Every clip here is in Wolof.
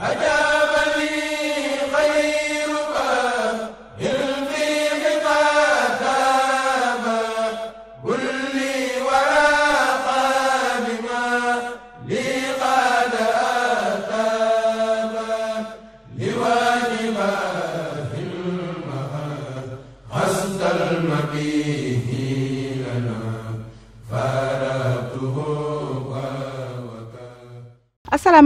a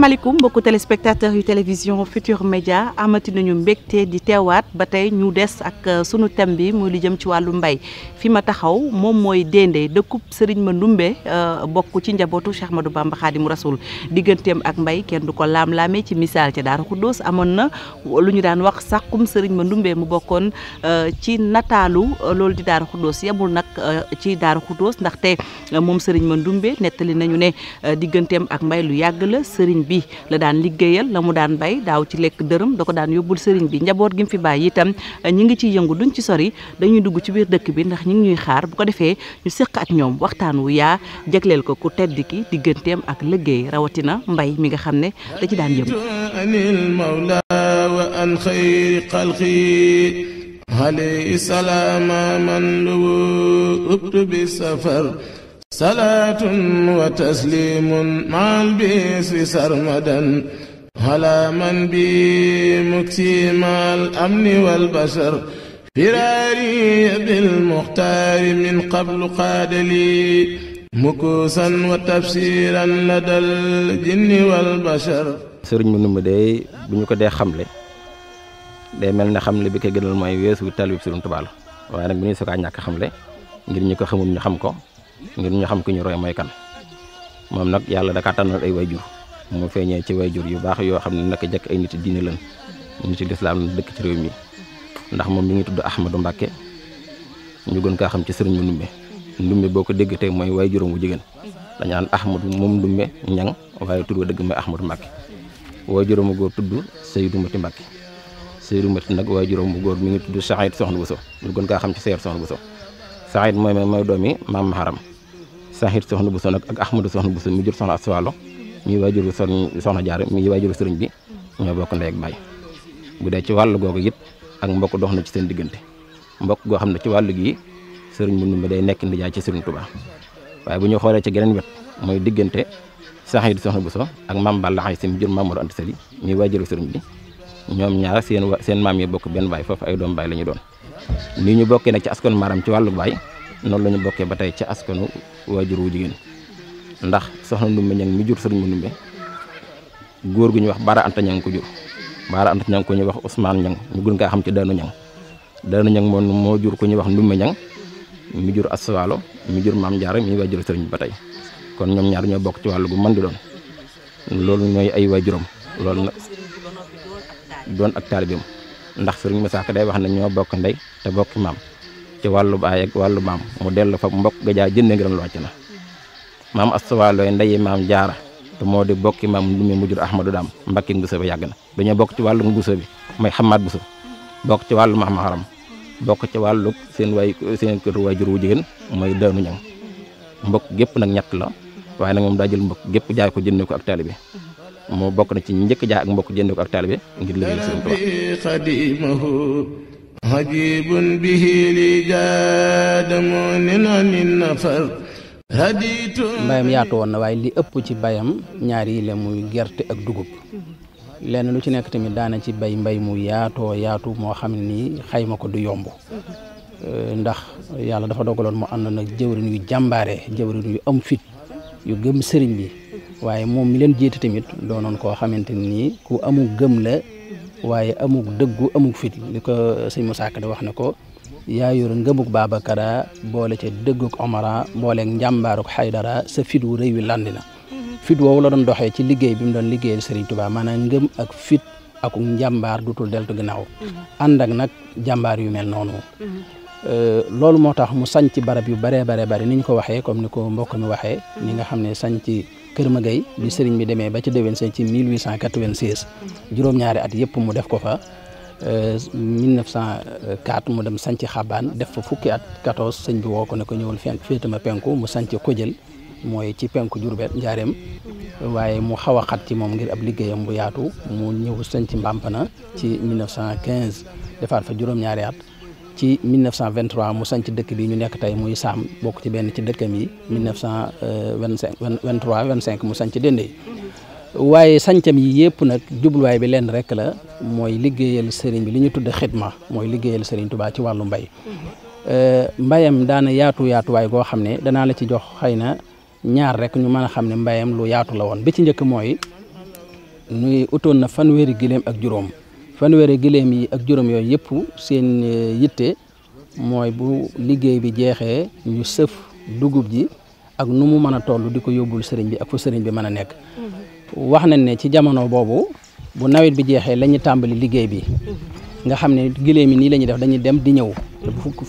asalaamaaleykum mbokku téléspectateurs yu télévision Futur Média amati nañu mbégte di teewaat ba tey ñu des ak euh, sunu thème bi muy li jëm ci wàllu mbay fi ma taxaw moom mooy Dendé dëkkub Serigne Mandoumbe euh, bokk ci njabootu Cheikh Ahmadou Bamba Khadimu Rasoul digganteem ak mbay du ko laam-laamee ci misaal ca Daaru amoon na lu ñu daan wax sàkkum ma Mandoumbe mu bokkoon euh, ci nataalu loolu di Daaru Xuddoos yemul nag ci Daaru Xuddoos ndaxte moom ma Mandoumbe nettali nañu ne digganteem ak mbay lu yàgg la Serigne bi bi la daan liggéeyal la mu daan bay daaw ci lekk dërëm da ko daan yóbbul sëriñ bi njaboot gi mu fi bàyyi itam ñu ngi ciy yëngu duñ ci sori dañuy dugg ci biir dëkk bi ndax ñu ngi ñuy xaar bu ko defee ñu séq ak ñoom waxtaan wu yaa jagleel ko ku tedd ki digganteem ak liggéey rawatina mbay mi nga xam ne da ci daan yëngu alay salaama man lu ubtu bi safar salaatu wa tasliim maal bis wi sarmadan ala man bi muksimal amni wal bashar firaari bil muxtaari min qablu qaadali mukuusan wa tafsiran ladal jinni wal bashar sëriñ mu numb day bu ñu ko dee xamle day mel ne xamle bi ko gënal mooy weesu talib sëriñ Tuubaa la waaye nag bu ñuy sukkaa ñàkk xamle ngir ñi ko xamul ñu xam ko ngir ñu xam ki ñu roy mooy kan moom nag yàlla da kaa ay wayjur mu feeñee ci wayjur yu baax yoo xam ne naka jekk ay nit diine lan ñu ci lislaam dëkk ci réew mi ndax moom mi ngi tudd Ahmadou Mbacke ñu gën kaa xam ci sëriñ bu Ndumbe Ndumbe boo ko dégg tey mooy wayjuram bu jigéen dañu naan Ahmadou moom Ndumbe ñang waaye tudd wa dëgg mooy Ahmadou Mbacke wayjuram bu góor tudd ti Mati Mbacke Seydou Mati nag wayjuram bu góor mi ngi tudd Saïd Soxna Bousso ñu gën kaa xam ci Seydou Soxna Bousso Saïd mooy mooy doomi maam Saaxir soxna Bousso nag ak Ahmadou soxna Bousso mi jur soxna Aswalo mi waajur soxna Jaara mi waajur sëriñ bi ñoo bokk ndey ak baay bu dee ci wàll googu it ak mbokk dox na ci seen diggante mbokk goo xam ne ci wàll gii sëriñ bu ndumbe day nekk ndi ndijaay ci sëriñ Tuubaa waaye bu ñu xoolee ci geneen wet mooy diggante Saaxir soxna Bousso ak maam Balla Xay si mi jur Maam Mor Anta Sali mi waajur sëriñ bi ñoom ñaar seen seen maam yi bokk benn baay foofu ay doom baay la ñu doon nii ñu bokkee nag ci askan maaram ci wàllu baay noonu lañu bokkee ba tey ci askanu waajur wu jigéen ndax soxna ndumbe ñang mi jur sëriñ mu ndumbe góor gu ñuy wax baara anta ñang ko jur baara anta ñang ko wax Ousmane ñang ñu gën kaa xam ci daanu ñang daanu ñang moom moo jur ku ñuy wax ndumbe ñang mi jur aswaalo mi jur maam jaara mi waajur sëriñ ba tey kon ñoom ñaar ñoo bokk ci wàllu gu man di doon loolu ñooy ay waajuram loolu nag doon ak taalibeem ndax sëriñ Musaa Ka day wax ne ñoo bokk ndey te bokki maam ci wàllu baay ak wàllu maam mu dellu fa mbokk ga jaa jënd ngërëm lu wàcc na maam astawalooy ndayi maam jaara te moo di bokki maam lumi mujjur ahmadu daam mbakki guso bi yàgg na dañoo bokk ci wàllu guso bi mooy xamaat guso bokk ci wàllu max maxaram bokk ci wàllu seen way seen kër waajur wu jigéen mooy daanu ñam mbokk gépp nag ñett la waaye nag moom daa jël mbokk gépp jaay ko jëndee ko ak taalibe moo bokk na ci njëkk jaay ak mbokk jëndee ko ak taalibe ngir liggéey عجيب به لي جاد mbayam yaatu woon na waaye li ëpp ci bayam ñaar yi la muy gerte ak dugub lenn lu ci nekk tamit daana ci bay mbay mu yaatoo yaatu moo xam ni xayma ko du yomb euh, ndax yàlla dafa dogaloon mu ànd nag jëwrin yu jàmbaare jëwrin yu am fit yu gëm sëriñ bi waaye moom mi leen jiite tamit doonoon koo xamante nii ku amu gëm la waaye amuk dëggu amuk fit li ko sëñ Moussa Ka wax na ko yaa yor ngëmuk Babacara boole ca dëgguk Omara booleeg xay dara sa fit wu rëy wi landi na fit woowu la doon doxee ci liggéey bi mu doon liggéeyal Serigne Touba maanaam ngëm ak fit ak njàmbaar dutul deltu ginnaaw ànd ak nag jàmbaar yu mel noonu euh, loolu moo tax mu sañ ci barab yu baree baree bari ni ñu ko waxee comme ni ko mbokk mi waxee ñi nga xam ne sañ ci Kër ma gay bi sëriñ bi demee ba ci déwén sa ci 1896 juróom-ñaari at yëpp mu def ko fa 1904 euh, mu dem sanc xabaan def fa fukki at 14 sëñ bi woo ko ne ko ñëwal fenk féetama penku mu sanc ko jël mooy ci penku Jurbel njaareem waaye mu xaw a xat ci moom ngir ab liggéeyam bu yaatu mu ñëw sanc Mbampana ci 1915 defaat fa juróom-ñaari at ci 1923 mu sanc dëkk bi ñu nekk tey muy saam bokk ci benn ci dëkkam yi 1925 23 25 mu sanc Dendeye waaye sancam yi yëpp nag jubluwaay bi lenn rek la mooy liggéeyal sëriñ bi lu ñu tudd xidma mooy liggéeyal sëriñ Tuubaa ci wàllu mbay mm-hmm. euh, mbayam daana yaatu yaatuwaay goo xam ne danaa la ci jox xëy na ñaar rekk ñu mën a xam ne mbayam lu yaatu la woon bi ci njëkk mooy nuy utoon na fanweeri giléem ak juróom fanweeri giléem yi ak juróom yooyu yëpp seen e, yitte mooy bu liggéey bi jeexee ñu sëf dugub ji ak nu mu mën a toll di ko yóbbul sëriñ bi ak fu sëriñ bi mën a nekk mhm. wax nañ ne ci jamono boobu bu nawet bi jeexee la tàmbali liggéey bi mhm. nga xam ne giléem yi nii la def dañuy dem di ñëw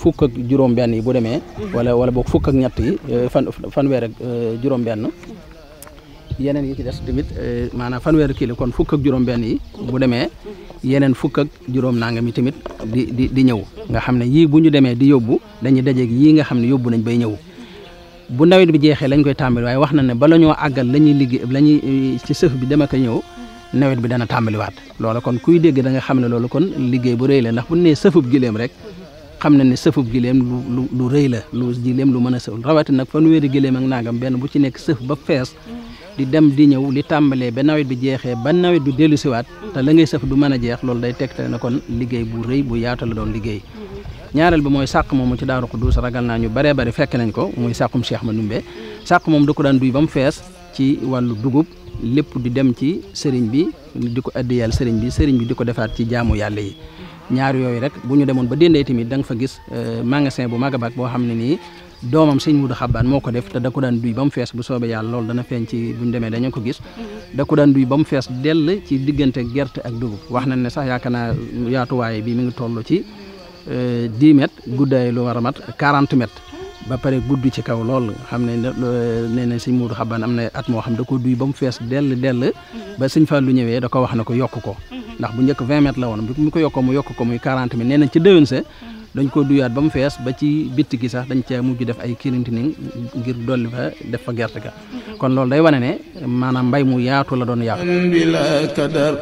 fukk juróom benn yi bu demee mhm. wala wala boog fukk ak ñett yi e, fan fanweer e, juróom benn yeneen yi ci des tamit maanaam fanweer kii la kon fukk ak juróom benn yi bu demee yeneen fukk ak juróom nangam yi tamit di di di ñëw nga xam ne yii bu ñu demee di yóbbu dañuy dajeeg yii nga xam ne yóbbu nañ bay ñëw bu nawet bi jeexee lañ koy tàmbali waaye wax na ne bala ñoo àggal la ñuy liggéey la ñuy eh, ci sëf dem ak a nawet bi dana tàmbaliwaat loola kon kuy dégg da xam ne loolu kon liggéey bu rëy ndax bu nee sëfub giléem rek xam na ne sëfub giléem lu lu rëy la lu giléem lu mën a sëf rawati nag fanweeri giléem ak nangam benn bu ci nekk sëf ba fees di dem di ñëw li tàmbalee ba nawet bi jeexee ba nawet bi dellu siwaat te la ngay sëf du mën a jeex loolu day tegtale na kon liggéey bu rëy bu yaatu la doon liggéey ñaareel bi mooy moom moomu ci Daaru Xuduus ragal naa ñu baree bari fekk nañ ko muy sàqum Cheikh Mandoumbe sàq moom da ko daan duy ba mu fees ci wàllu dugub lépp di dem ci sëriñ bi di ko addiyal sëriñ bi sëriñ bi di ko defaat ci jaamu yàlla yi ñaar yooyu rek bu ñu demoon ba dendee tamit da nga fa gis euh, magasin bu mag a mag boo xam ne nii doomam sëñ Mudu Xabbaan moo ko def te da ko daan duy ba mu fees bu soobee yàlla loolu dana feeñ ci buñ demee dañu ko gis da ko daan duy ba mu fees dell ci diggante gerte ak dugub wax nañ ne sax yaakaar naa yaatuwaay bi mi ngi toll ci 10 euh, mètres guddaay lu war a mat 40 mètres ba pare gudd ci kaw lool xam ne nee na sëñ Mudu Xabbaan am na at moo xam da duy ba mu fees dell dell ba sëñ Fallu ñëwee da ko wax na ko yokk ko mm-hmm. ndax bu njëkk 20 mètres la woon bi mu ko yokkoo mu yokk ko muy 40 mètres nee na ci déwén sa mm-hmm. dañ ko duyaat ba mu fees ba ci bitti gi sax dañ cee mujj def ay kirintini ngir dolli fa def fa gerte ga mhm. kon loolu day wane ne maanaam mbay mu yaatu la doon yaatu bila kadar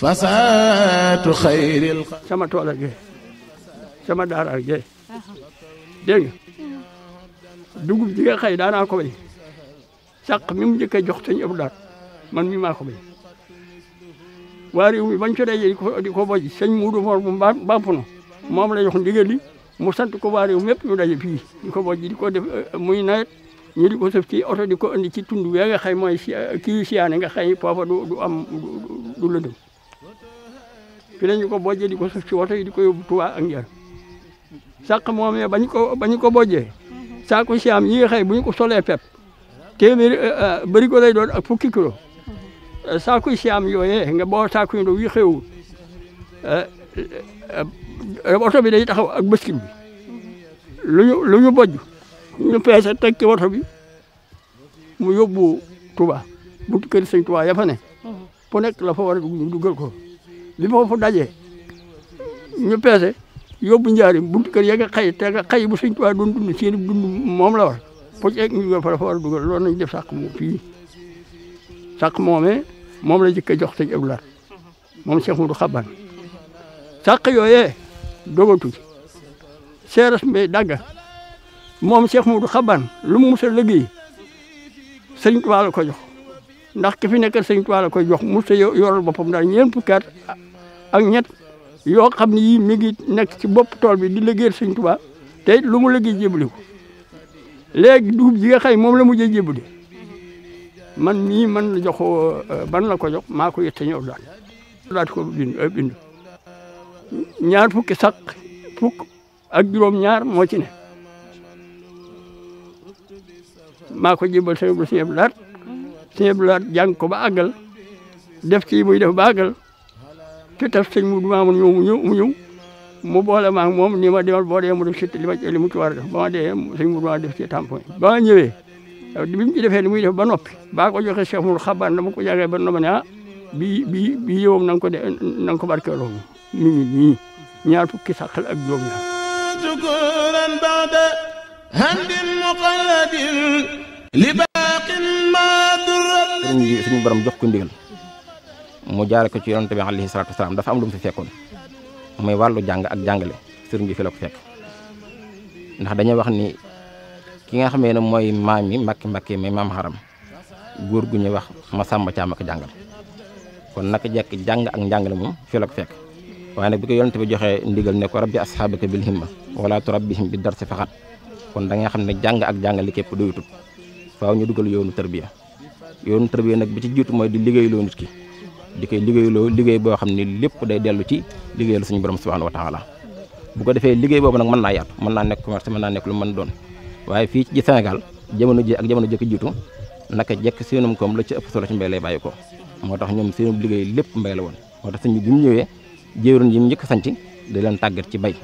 fasaatu sama tool sama daara ak gee uh-huh. dégg uh-huh. mi mu njëkk jox sañ ëpp daar man mi maa ko bay waa réew mi bañ co dee di ko bojj sëñ muudu moor mu bamp na moom la jox ndigal li mu sant ko waa réew mépp ñu daje fii di ko bojj di ko def euh, muy nawet ñu di ko sëf ci oto di ko indi ci tund wee nga xay mooy kii siyaane nga xay foofa du du am du lëndëm fi la ñu ko bojjee di ko sëf ci yi di ko yóbbu Tuubaa ak Njaar sàq moomee bañ ko bañ ko bojjee saako siyaam yi nga xay bu ñu ko solee pepp téeméeri euh, euh, bëri ko lay doon ak fukki kilo saako siyaam yooyee nga boo saako yi ndaw yi xewul Eh, oto bi day taxaw ak bëskim bi lu ñu lu ñu bojj peese teg ci bi mu yóbbu Touba buntu kër sëñ Touba nekk la fa war a dugg ko li ma fa dajee ñu peese yóbbu njaarim buntu kër ya nga xay te nga xay bu sëñ Touba doon dund seen dund moom la war fo ci ñu dugal fa la fa war a dugal loolu nañ def sàq moom fii sàq moomee moom la jëkk a jox sëñ Abdoulaye moom Cheikh Moudou Xaban sàq yooyee dogantu ci seeras mbay dagga moom Cheikh Moudou Xaban lu mu mës a liggéey sëñ Tuubaa la ko jox ndax ki fi nekk sëñ Tuubaa la koy jox mës a yoral boppam daal ñeent fukki at ak ñett yoo xam ne yii mi ngi nekk ci bopp tool bi di liggéeyal sëñ Tuubaa te lu mu liggéey jébali léegi dugub ji nga xay moom la mujjee jébali man mii man la jox euh, ban la ko jox maa ko yette ñëw daal daal ko bind euh, bind ñaar fukki saq fuk ak juróom-ñaar moo ci ne maa ko jébal sa yóbbu Sëñ Blaat Sëñ Blaat ko ba àggal def ci muy def ba àggal te taf sëñ mu maa mu ñëw mu ñëw mu ñëw mu boole maa moom ni ma demal boo dee mu def ci li ma li mu ci war de def ba ma dee sëñ mu maa def ci tampon ba ma ñëwee bi mu ci defee ni muy def ba noppi baa ko joxe Cheikh mu xabaar na ma ko jàngee ba noppi ne ah bii bii bii yow ko de na nga ko barkeeloo nii ñaar fukki saxal ak juróom ñaar sukuran ba'da handin li baqin ma durra suñu borom jox ko ndigal mu jaar ko ci yonent bi alayhi salaatu wasalaam dafa am lu mu fi fekkoon muy wàllu jàng ak jàngale sëriñ bi fi la fekk ndax dañuy wax ni ki nga xamee ne mooy maam yi mbakki mbakki mais maam xaram góor gu ñuy wax ma sàmba caam ak jàngal kon naka jekk jàng ak njàngale moom fi la fekk waaye nag bi ko yonent bi joxee ndigal ne ko rabbi asxaabaka bil himma wala turabbihim bi darsi faxat kon da nga xam ne jàng ak jàngale képp doyutut faaw ñu dugal yoonu tarbiya yoonu tarbiya nag bi ci jiitu mooy di liggéeyloo nit ki di koy liggéeyloo liggéey boo xam ne lépp day dellu ci liggéeyal suñu borom subhanahu wa taala bu ko defee liggéey boobu nag mën naa yaatu mën naa nekk commerce mën naa nekk lu mën doon waaye fii ci jamono ji ak jamono jëkk jiitu naka jekk seenum koom la ci ëpp solo ci mbay lay bàyyi ko moo tax ñoom seenum liggéey lépp mbay la woon jëwriñ ji mu njëkk sanc di leen tàggat ci bay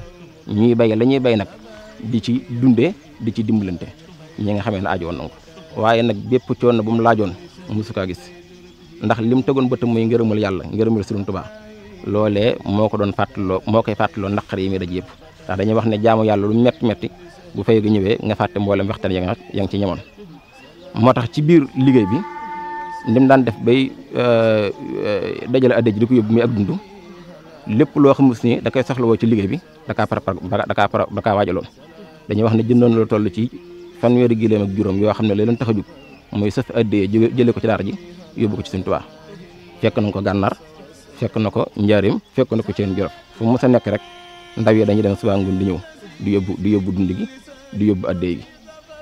ñuy bay la bay nag di ci dundee di ci dimbalante ñi nga xamee ne ajoon na waaye nag bépp coono bu mu laajoon mu kaa gis ndax li mu tegoon bëtam muy ngërëmul yàlla ngërëmul Sëriñ Tuubaa loole moo ko doon fàttaloo moo koy fàttaloo naqar yi muy daj yëpp ndax dañuy wax ne jaamu yàlla lu metti metti bu fay gi ñëwee nga fàtte mboolem waxtaan ya nga ya ngi ci ñamoon moo tax ci biir liggéey bi ni daan def bay euh, euh, dajale adda ji di ko dund lépp loo xamul si ni da koy soxlawoo ci liggéey bi da kaa par da kaa par da wax ne jëndoon lu toll ci fanweeri giléem ak juróom yoo xam ne la leen tax a jóg mooy sëf addee jëlee ko ci daara ji yóbbu ko ci Sëñ Tuubaa fekk nañ ko gànnaar fekk na ko njaarim fekk na ko ceen jolof fu mu mës a nekk rek ndaw yi dañuy dem subaa ngun di ñëw di yóbbu di yóbbu dund gi di yóbbu addee gi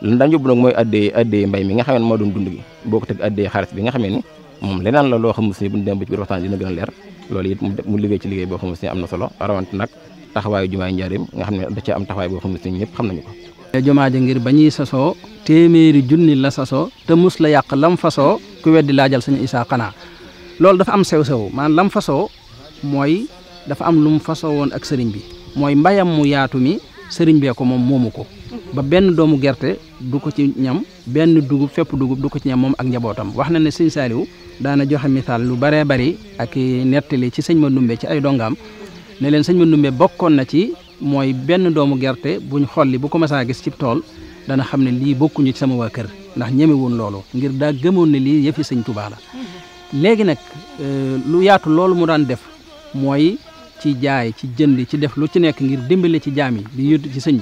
lan daan yóbbu nag mooy addee addee mbay mi nga moo doon dund gi boo ko teg addee xaalis bi nga xamee moom leneen la loo xam ne buñ dem ba ci biir dina gën a loolu it mu liggéey ci liggéey boo xam ne si am na solo rawante nag taxawaayu jumaay njaarim nga xam ne da cee am boo xam ne si ñëpp xam nañu ko. Eh, jumaa ji ngir ba ñuy sasoo téeméeri junni la sasoo te mus la yàq lam fasoo ku weddi laajal suñu isaa xanaa loolu dafa am sew-sew maanaam lam fasoo mooy dafa am lu mu fasoo woon ak sëriñ bi mooy mbayam mu yaatu mi sëriñ bee ko moom moomu ko ba benn doomu gerte du ko ci ñam benn dugub fépp dugub du ko ci ñam moom ak njabootam wax na ne sëñ Saaliw daana joxe misaal lu baree bari ak nettali ci sëñ ma numbee ci ay dongaam ne leen sëñ ma ndumbe bokkoon na ci mooy benn doomu gerte buñ xolli bu ko masaa gis ci tool dana xam ne lii bokkuñu ci sama waa kër ndax ñeme woon loolu ngir daa gëmoon ne lii yëfi sëñ Tuubaa la mm-hmm. léegi nag euh, lu yaatu loolu mu daan def mooy ci jaay ci jënd ci def lu ci nekk ngir dimbale ci jaam yi di yëdd ci sëñ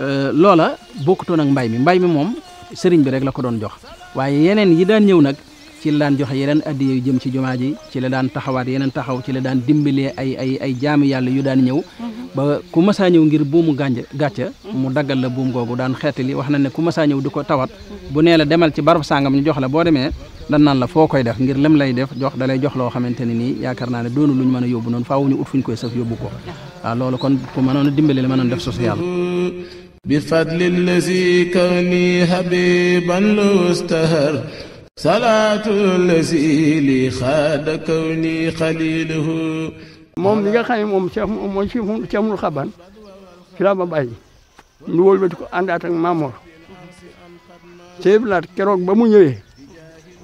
euh, loola bokkutoon ak mbay mi mbay mi moom sëriñ bi rek la ko doon jox waaye yeneen ci la daan joxe yeneen addiya yu jëm ci jumaa ji ci la daan taxawaat yeneen taxaw ci la daan dimbalee ay ay ay yàlla yu daan ñëw mm-hmm. ba ku masaa ñëw ngir buumu gànj gàcca mm-hmm. mu daggal la buum googu daan xeetali wax na ne ku masaa ñëw di ko tawat mm-hmm. bu nee la demal ci barab sàngam ñu jox la boo demee dan naan la foo koy def ngir lem lay def jox dalay jox loo xamante ne nii yaakaar naa ne doonu luñ mën a yóbbu noonu faaw ñu ut fuñ koy saf yóbbu ko waaw loolu kon ku mënoon a salaatu lazi li xaada kaw ni xaliluhu moom li nga xam ne moom Cheikh mooy si Cheikh Xaban ci laa ma bàyyi ñu wëlbati ko àndaat ak Mamor Cheikh Iblaat keroog ba mu ñëwee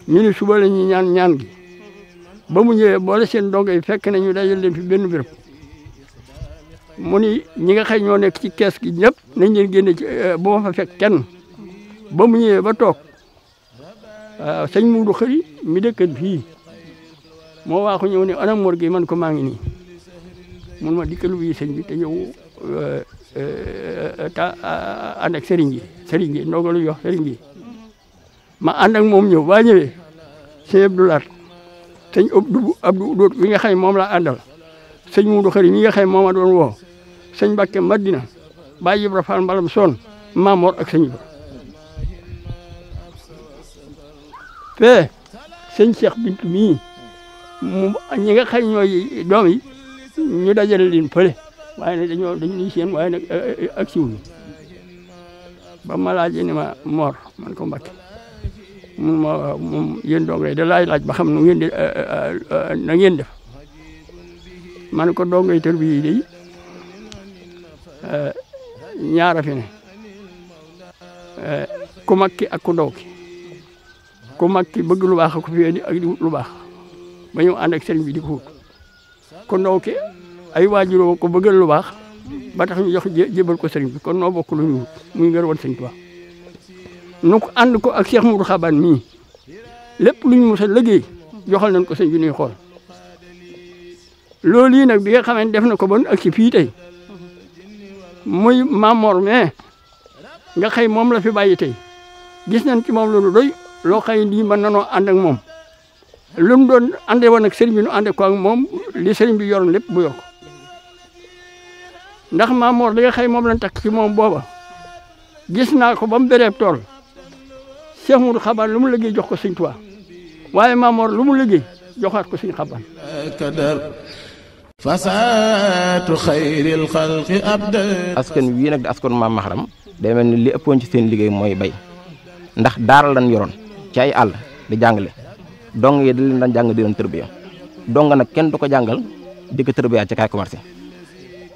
ñu ni suba la ñuy ñaan ñaan gi ba mu ñëwee boole seen dongo yi fekk na ñu dajal leen benn béréb mu ni ñi nga xam ñoo nekk ci kees gi ñëpp nañ leen génne ci eh, bu ma fa fekk kenn ba mu ñëwee ba toog Ah, sëñ Muudu Xëri mi dëkkat fii moo waa ko ñëw ne anam Mor Gueye man ko maa ngi nii mun ma dikkalu bi sëñ bi te ñëw eh, eh, eh, ta ah, ah, ànd ak sëriñ gi sëriñ gi ndogalu yox sëriñ gi ma ànd ak moom ñëw baa ñëwee sëñ Abdou Lahat sëñ Abdou Abdou Doot mi nga xam ne moom laa àndal sëñ Muudu Xëri mi nga xam ne moom a doon woo sëñ Mbàkke Madina Baye Ibra Fall soon Son Mamor ak sëñ Ibra fee sëñ Cheikh Bintu mii mu ñi nga xay ñooy doom ñu dajale leen fële waaye nag dañoo dañ ñuy seen waaye nag eh, eh, ak siw ñu ba ma laajee ni ma Mor man ko Mbacke mun ma moom yéen da laay laaj ba xam nu ngeen di eh, na ngeen def man ko dong yi tër bi yi day ñaara fi ne mag ki ak ku ndaw ki ku mag ki bëgg lu baax ko fi indi ak wut lu baax ba ñëw ànd ak sëriñ bi di ko wut kon noo ki ay waajuroo ko bëggal lu baax ba tax ñu jox jébal ko sëriñ bi kon noo bokk lu ñu wut muy ngër woon sëriñ Tuubaa nu ko ànd ko ak Cheikh Moudou Xaban mii lépp lu ñu mos a liggéey joxal nañ ko sëñ bi ñuy xool loolu yi nag bi nga xamee def na ko bon ak si fii tey muy Mamor mais nga xëy moom la fi bàyyi tey gis nañ ci loolu doy loo xëy lii mën nanoo ànd moom lu mu doon àndee woon ak sëriñ bi nu àndee ko ak moom li sëriñ bi yoroon lépp bu yor ko ndax Maam li nga xëy moom lañ takk ci moom booba gis naa ko ba mu bereeb tool Cheikh Moudou Xaban lu mu liggéey jox ko Sëriñ Tuubaa waaye Maam lu mu liggéey joxaat ko Sëriñ Xaban fasaatu xayril xalqi abda askan wii nag di askan maam maxaram day mel ni li ëppoon ci seen liggéey mooy bay ndax daara lan yoroon ca ay àll di jàngale dong yi da leen daan jàng di leen tërbiya dong nag kenn du ko jàngal di ko tërbiya ci kaay commerce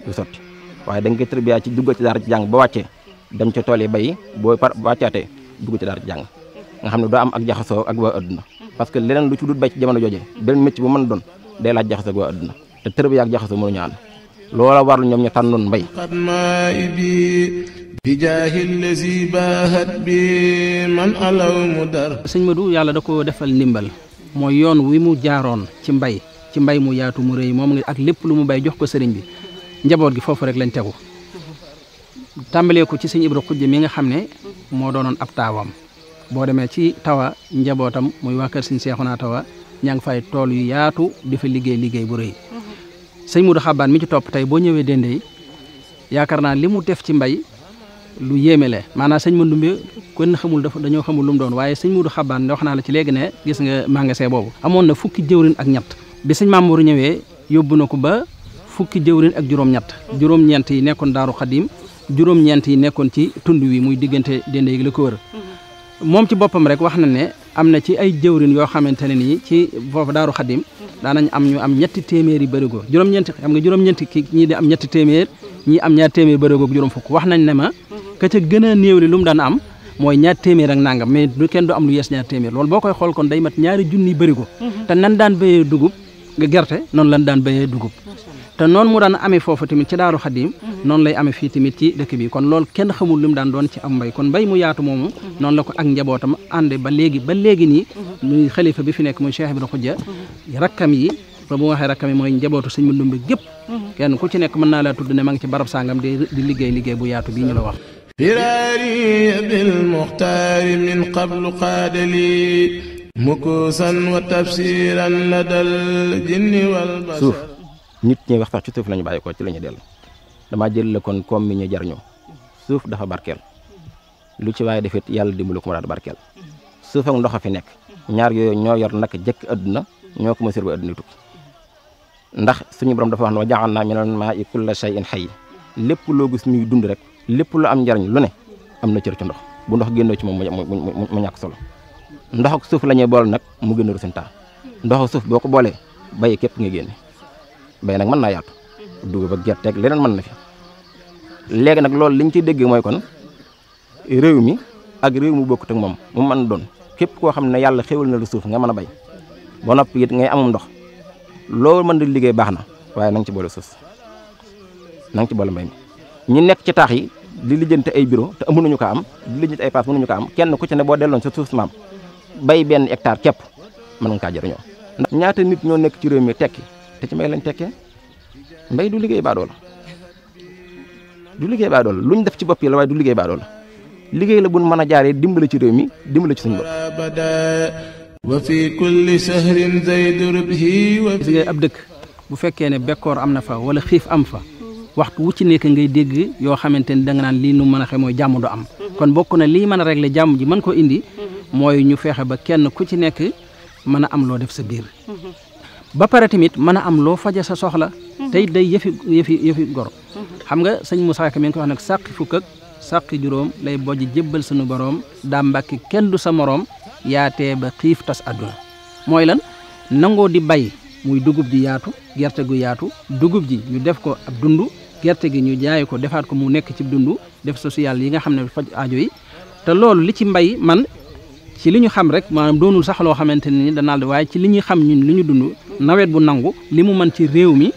du sotti waaye da nga koy tërbiya ci dugg ci daara ci jàng ba wàccee dem ca tool yi bay boo par wàccaatee dugg ci daara ci jàng nga xam ne doo am ak jaxasoo ak waa adduna parce que leneen lu ci dul bay ci jamono jooje beneen métier bu mën doon day laaj jaxasoo ak waa adduna te tërbiya ak jaxasoo mënuñu ànd loola warlu ñoom ñu tànnoon mbay bijaahi lazi baahat bi man alaw mu dar sëñ Madou yàlla da ko defal ndimbal mooy yoon wi mu jaaroon ci mbay ci mbay mu yaatu mu rëy moom nga ak lépp lu mu bay jox ko sëriñ bi njaboot gi foofu rek lañ tegu tàmbalee ko ci sëñ Ibra Xujj mi nga xam ne moo doonoon ab taawam boo demee ci tawa njabootam muy waa kër sëñ Seexuna tawa ñaa ngi fay tool yu yaatu di fa liggéey liggéey bu rëy sëñ Modou Xabaan mi ci topp tey boo ñëwee Dendey yaakaar naa li mu def ci mbay lu yéeme la maanaam sëñ Mandoumbe kon xamul dafa dañoo xamul lu mu doon waaye sëñ Modou Xabaan wax naa la ci léegi ne gis nga magasin boobu amoon na fukki jëwrin ak ñett bi sëñ Mamour ñëwee yóbbu na ko ba fukki jëwrin ak juróom-ñett yi nekkoon Daaru Xadim juróom-ñeent yi nekkoon ci tund wi muy diggante dende yi la ko wër moom ci boppam rek wax na ne am na ci ay jëwrin yoo xamante ne nii ci foofu Daaru Xadim daanañ am ñu am ñetti téeméer yi bërigo juróom-ñeenti xam nga juróom-ñeenti ki ñii di am ñetti téeméer ñii am ñaar téeméer bërigo ak juróom fukk wax nañ ne ma ka ca gën a néew li lu mu daan am mooy ñaar téeméer ak nangam mais du kenn du am lu yees ñaar téeméer lool boo koy xool kon day mat ñaari junni bëri ko mhm. te nan daan béyee dugub gerte noonu la daan bayee dugub te noonu mu daan amee foofu tamit ci daaru xadim mhm. noonu lay amee fii tamit ci dëkk bi kon loolu kenn xamul lu mu daan doon ci am mbay kon mbay mu yaatu moomu mhm. noon la ko ak njabootam ànde ba léegi ba léegi nii muy xalifa bi fi nekk muy Cheikh Ibrahima Khoudia rakkam yi ba mu waxee rakkam yi mooy njabootu sëñ Mandumbe gépp kenn ku ci nekk mën naa laa tudd ne ngi ci barab sàngam di liggéey liggéey bu yaatu bii ñu la wax firaari bilmuxtaari min qablu qaadali mukuusan wa tafsiran la dal jinni wal suuf nit ñi wax sax ci suuf lañu bàyyi ko ci lañuy dell dellu damaa jël la kon koom mi ñu jarñoo suuf dafa barkeel lu ci waaye defit yàlla dimbalu ko mu daal barkeel suuf ndox fi nekk ñaar yooyu ñoo yor nag jëkk adduna ñoo ko ma sër ba adduna tukki ndax suñu borom dafa wax ne wa jaxal naa minal maa'i kulla shay'in hayy lépp loo gis muy dund rek lépp lu am njariñ lu ne am na cër ci ndox bu ndox génnoo ci moom mu ñàkk solo ndox ak suuf la ñuy boole nag mu génn résultat ndox ak suuf boo ko boolee bay képp nga génne bay nag mën naa yaatu dugub ak gerte ak leneen mën na fi léegi nag loolu liñ ciy dégg mooy kon réew mi ak réew mu bokkut ak moom mu man doon képp koo xam ne yàlla xéwal na lu suuf nga mën a bay ba noppi it ngay amum ndox loolu mën di liggéey baax na waaye na nga ci boole suuf na ci boole mbay mi ñi nekk ci taax yi di lijjanti ay biro te mënuñu ko am di lijjanti ay paas mënuñu ko am kenn ku ci ne boo delloon sa suuf maam bay benn hectare képp mën nga kaa jëriñoo ndax ñaata nit ñoo nekk ci réew mi tekk te ci mbay lañ tekkee mbay du liggéey baadoo la du liggéey baadoo la luñ def ci bopp yi la du liggéey baadoo liggéey la buñ mën a jaaree dimbale ci réew mi dimbale ci suñu bopp wa fi kulli sahrin zayd rubhi ab dëkk bu fekkee ne bekkoor am na fa wala xiif am fa waxtu wu ci nekk ngay dégg yoo xamante ni da nga naan lii nu mën a xe mooy jàmm du am mhm. kon bokk na lii mën a régler jàmm ji mën ko indi mhm. mooy ñu fexe ba kenn ku ci nekk mën a am loo def sa biir mhm. ba pare tamit mën a am loo faje sa soxla tey day yëfi yëfi yëfi goro xam nga sëñ musaa Ka mi ngi ko wax nag sàqi fukk ak sàqi juróom lay bojj jébbal suñu boroom daa mbàkki kenn du sa moroom yaatee ba xiif tas àdduna mooy lan nangoo di bay muy dugub ji yaatu gerte gu yaatu dugub ji ñu def ko ab dund gerte gi ñu jaay ko defaat ko mu nekk ci dund def social yi nga xam ne faj aajo yi te loolu li ci mbay man ci li ñu xam rek maanaam doonul sax loo xamante ni danaal di waaye ci li ñuy xam ñun li ñu dund nawet bu nangu li mu mën ci réew mi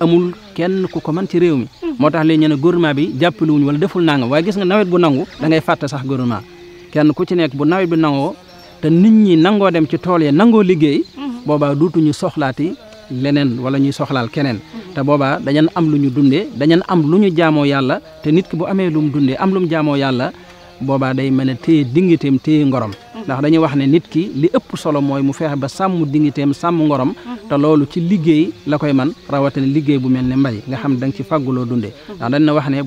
amul kenn ku ko mën ci réew mi mm. moo tax léegi ñu ne gouvernement bi jàppale wuñu wala deful nangam waaye gis nga nawet bu nangu dangay ngay fàtte sax gouvernement kenn ku ci nekk bu nawet bi nangoo te nit ñi nangoo dem ci tool yi nangoo liggéey mm. boobaa duutuñu soxlaati leneen wala ñuy soxlaal keneen mm. te boobaa dañan am lu ñu dundee dañan am lu ñu jaamoo yàlla te nit ki bu amee lu mu am lu mu jaamoo yàlla boobaa day mën a téye dingitéem téye ngorom mm-hmm. ndax dañuy wax ne nit ki li ëpp solo mooy mu fexe ba sàmm dingitéem sàmm ngorom mm-hmm. te loolu ci liggéey la koy man rawatina liggéey bu mel ne mbay nga xam da nga ci fàgguloo dundee mm-hmm. ndax dañ na wax ne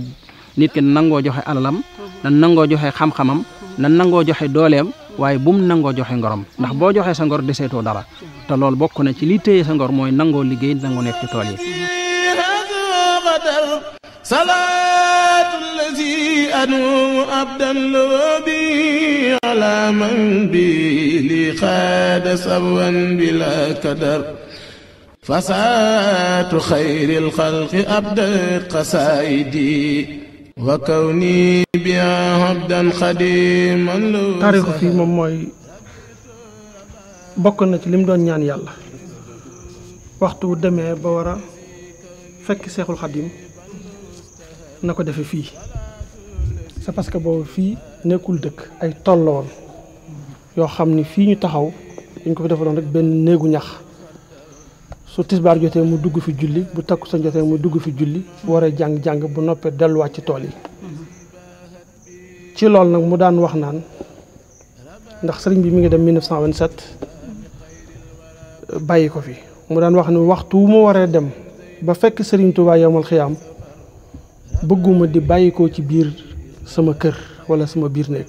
nit ki nangoo joxe alalam na nangoo joxe xam-xamam na nangoo joxe dooleem waaye bu mu nangoo joxe ngorom ndax boo joxee sa ngor deseetoo dara te loolu bokk na ci li téye sa ngor mooy nangoo liggéey nangoo nekk tool yi salaatu lazi anumu abdan lobi ala man bi li xaada sabwan bila kadar fasaatu xayril xalqi abdat qasaayidi wa kawni bi abdan xadiman lo taarixu fii moom mooy bokk na ci lim doon ñaan yàlla waxtu wu demee ba war a fekk seexul xadim na ko defee fii c'est parce que boobu fii nekkul dëkk ay tolloon yoo xam ni fii ñu taxaw dañ ko fi defaloon rek benn néegu ñax su tisbaar jotee mu dugg fi julli bu sañ jotee mu dugg fi julli bu waree jàng jàng bu noppee delluwaat ci tool yi ci loolu nag mu daan wax naan ndax sëriñ bi mu ngi dem 1927 bàyyi ko fi mu daan wax ni waxtu wu mu waree dem ba fekk sëriñ Touba yomal xiyaam bëgguma di bàyyikoo ci biir sama kër wala sama biir néeg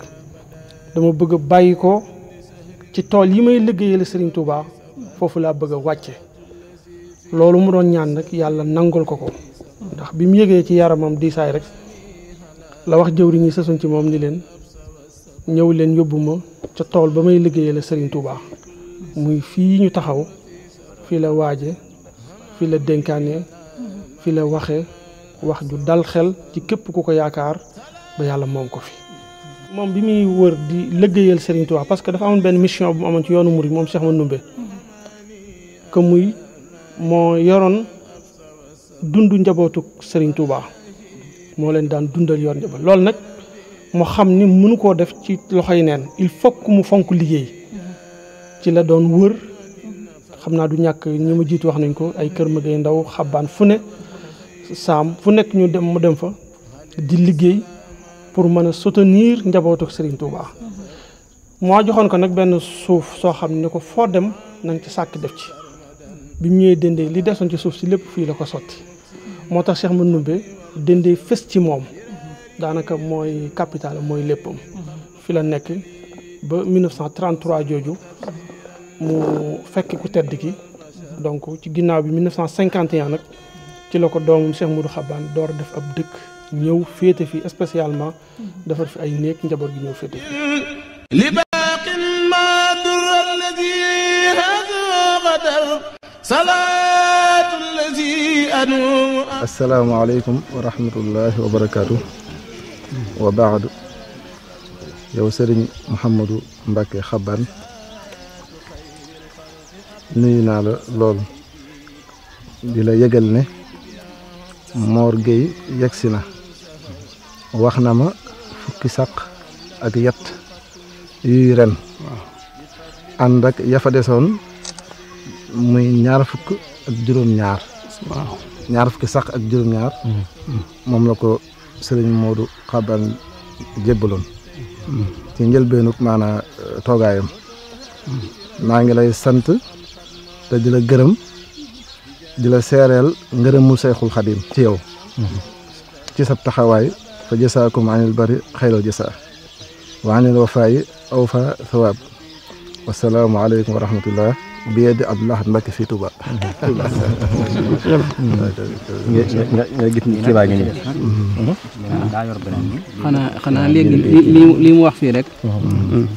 dama bëgg a bàyyi ko ci tool yi may liggéeyal Serigne Touba foofu laa bëgg a wàcce loolu mu doon ñaan nag yàlla nangul ko ko ndax bi mu yëgee ci yaramam diisaay rek la wax jëwriñ yi sësoon ci moom ni leen ñëw leen yóbbu ma ca tool ba may liggéeyale Serigne Touba muy fii ñu taxaw fii la waaje fii la dénkaane fii la waxe wax ju dal xel ci képp ku ko yaakaar ba yàlla moom ko fi. moom bi muy wër di liggéeyal Serigne Touba parce que dafa amoon benn mission bu mu amoon ci yoonu Mouride moom Cheikh Manoumbé que muy moo yoroon dund njabootu sëriñ Touba moo leen daan dundal yoon njaboot loolu nag mu xam ni mënu koo def ci loxoy neen il faut que mu fonk liggéey ci la doon wër xam naa du ñàkk ñi ma jiitu wax nañ ko ay kër ma gay ndaw xaban fu ne. saam fu nekk ñu dem mu dem fa di liggéey pour mën a soutenir njabootu Serigne Touba. moo joxoon ko nag benn suuf soo xam ne ko foo dem nañ ci sàkk def ci bi mu ñëwee dëndee li desoon ci suuf si lépp fii la ko sotti moo tax Cheikh Manoumbe dëndee fës ci moom daanaka mooy capital mooy léppam fi la nekk ba 1933 jooju mu fekk ku tedd ki donc ci ginnaaw bi 1951 nag. ci la ko doomam Cheikh Modou Xabaan door def ab dëkk ñëw féete fi spécialement mhm. defar fi ay néeg njaboot gi ñëw féete fi li baaqi maa dur alladi hadaqadar salaatu alladi anu assalaamu aleykum wa wa barakaatu wa baadu yow sëriñ Mouhamadou Mbacke Xabaan nuyu naa la lool di la yëgal ne Mor Gueye yegsi na wax na ma fukki sàq ak yett yuy ren ànd ak yafa desoon muy ñaar fukk ak juróom-ñaar ñaar fukki sàq ak juróom-ñaar mm-hmm. moom la ko sëriñ Moodu Xaban jébbaloon ci njëlbeenuk maanaa euh, toogaayam mm-hmm. maa ngi lay sant te di gërëm di la seereel ngërëmul Seexul Xadim ci yow ci sab taxawaay fa jasaakum anil bari xayral jasaa wa anil wafaayi awfa thawaab wassalaamu aleykum wa rahmatullah bi yeddi Abdou Lahad Mbacké fii Touba. nga nga gis ni Touba nga nii. xanaa xanaa léegi li li mu wax fii rek.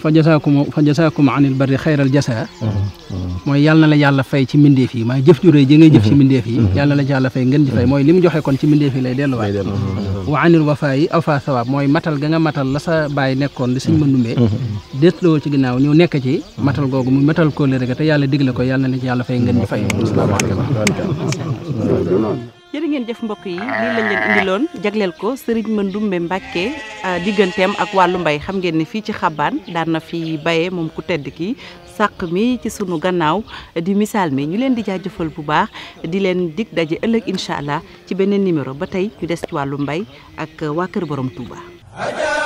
fa jasaakum fa jasaakum anil barri xayral jasaa. mooy yàlla na la yàlla fay ci mbindeef yi maanaam jëf ju rëy ji ngay jëf ci mbindeef yi. Mm-hmm. yàlla na la yàlla fay ngeen di fay mooy li mu joxe kon ci mbindeef yi lay delluwaat. Mm-hmm. wa anil wafaa yi aw a sawaab mooy matal ga nga matal la sa bàyyi nekkoon di suñ mëndumbee. Mm-hmm. desloo ci ginnaaw ñëw nekk ci matal googu mu matal kóolere ga te yàlla dig yëgle ko yàlla na ci yàlla ngeen di jëf mbokk yi lii lañ leen indiloon jagleel ko Serigne Mandoumbe Mbacke euh, digganteem ak wàllu mbay xam ngeen ne fii ci xabaan daan na fi baye moom ku tedd ki sàq mi ci sunu gannaaw di misaal mi ñu leen di jaajëfal bu baax di leen dig daje ëllëg incha allah ci beneen numéro ba tey ñu des ci wàllu mbay ak euh, waa kër borom Touba.